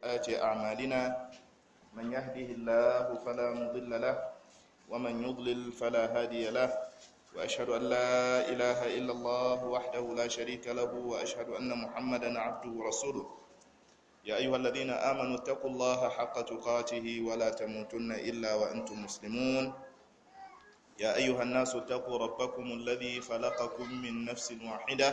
ce amalina man yahdihillahu fala mudilla la wa man yudlil fala hadiya la wa ashhadu an la ilaha illa la sharika lahu wa ashhadu anna muhammadan abduhu wa rasuluhu ya ayyuhalladhina amanu taqullaha haqqa tuqatih wa la tamutunna illa wa antum muslimun ya ayyuhan nasu taqu rabbakum alladhi khalaqakum min nafsin wahidah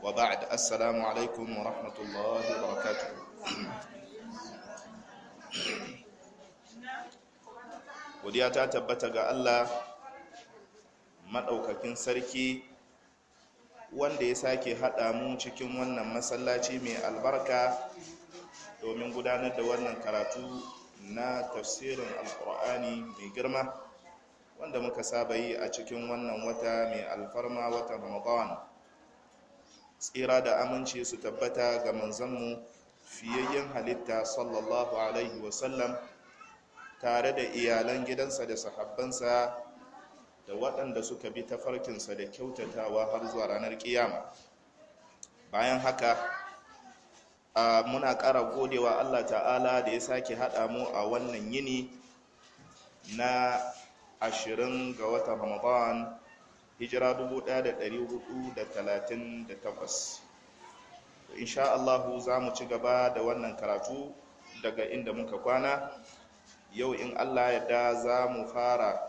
wa ba'd assalamu alaikum wa rahmatullahi wa barakatuh godiya ta tabbata ga Allah madaukakin sarki wanda ya sake hada mu cikin wannan masallaci mai albarka domin gudanar da wannan karatu na tafsirin alkur'ani mai girma wanda muka saba yi a cikin wannan wata mai alfarma watan ramadan tsira da aminci su tabbata ga manzanmu fiyayyen halitta sallallahu alaihi wasallam tare da iyalan gidansa da sahabbansa da waɗanda suka bi tafarkinsa da kyautatawa har zuwa ranar kiyama bayan haka muna ƙara godewa allah ta'ala da ya sake haɗa mu a wannan yini na ashirin ga watan ramadan hijira 1438 sha Allah za mu ci gaba da wannan karatu daga inda muka kwana yau in Allah yadda za mu fara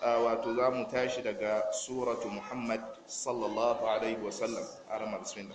wato za mu tashi daga suratu Muhammad sallallahu alaihi wasallam a ramar suna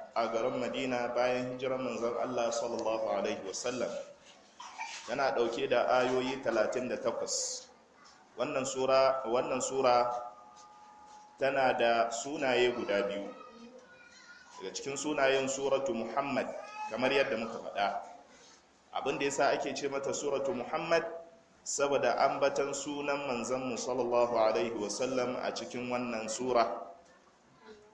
a garin madina bayan hijirar manzon allah sallallahu alaihi wasallam yana ɗauke da ayoyi 38 wannan sura wannan sura tana da sunaye guda biyu daga cikin sunayen suratu muhammad kamar yadda muka faɗa Abinda ya sa ake ce mata suratu muhammad saboda ambatan sunan manzanmu mu sallallahu alaihi wasallam a cikin wannan sura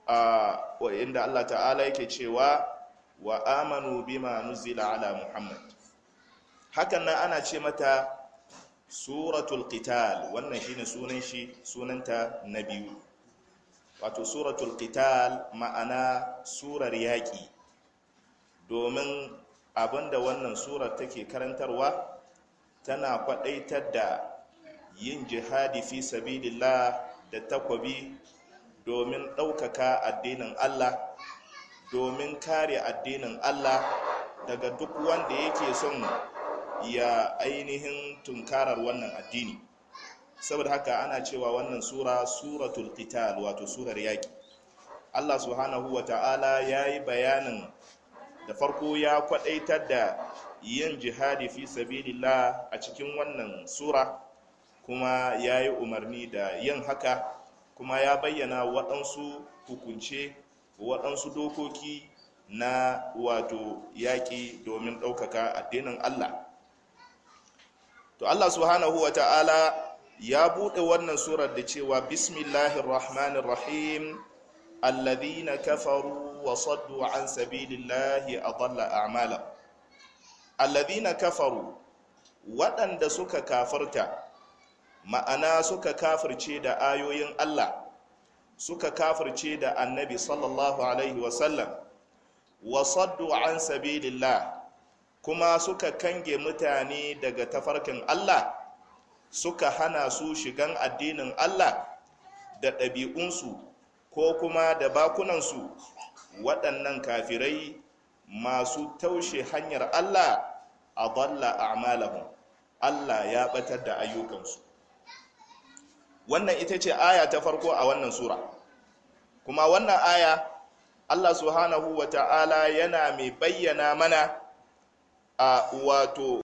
wa inda Allah ta'ala yake cewa wa amanu bima nuzila ala muhammad hakan nan ana ce mata suratul qital wannan shine sunan shi sunanta na biyu wato suratul qital ma'ana surar yaƙi domin abinda wannan surar take karantarwa tana kwadaitar da yin jihadi fi sabilillah da takwabi domin ɗaukaka addinin Allah domin kare addinin Allah daga duk wanda yake son ya ainihin tunkarar wannan addini saboda haka ana cewa wannan sura suratul qital wato surar yaki Allah subhanahu wata'ala yi bayanin da farko ya kwadaitar da yin jihadi fi sabilillah a cikin wannan sura kuma ya yi umarni da yin haka kuma ya bayyana waɗansu hukunce waɗansu dokoki na wato yaƙi domin ɗaukaka addinin Allah to Allah subhanahu wa ta'ala ya buɗe wannan surar da cewa bismillahir rahmanir rahim alladhina kafaru wa saddu an sabilillahi adalla a'mala alladhina kafaru waɗanda suka kafarta ma'ana suka kafirce da ayoyin Allah suka kafirce da annabi sallallahu alaihi wasallam wasaddu an sabilillah kuma suka kange mutane daga tafarkin Allah suka hana su shigan addinin Allah da ɗabi'unsu ko kuma da bakunansu waɗannan kafirai masu taushe hanyar Allah a balla a'malahum Allah ya ɓatar da ayyukansu wannan ita ce aya ta farko a wannan sura kuma wannan aya allah subhanahu wa ta'ala yana mai bayyana mana a wato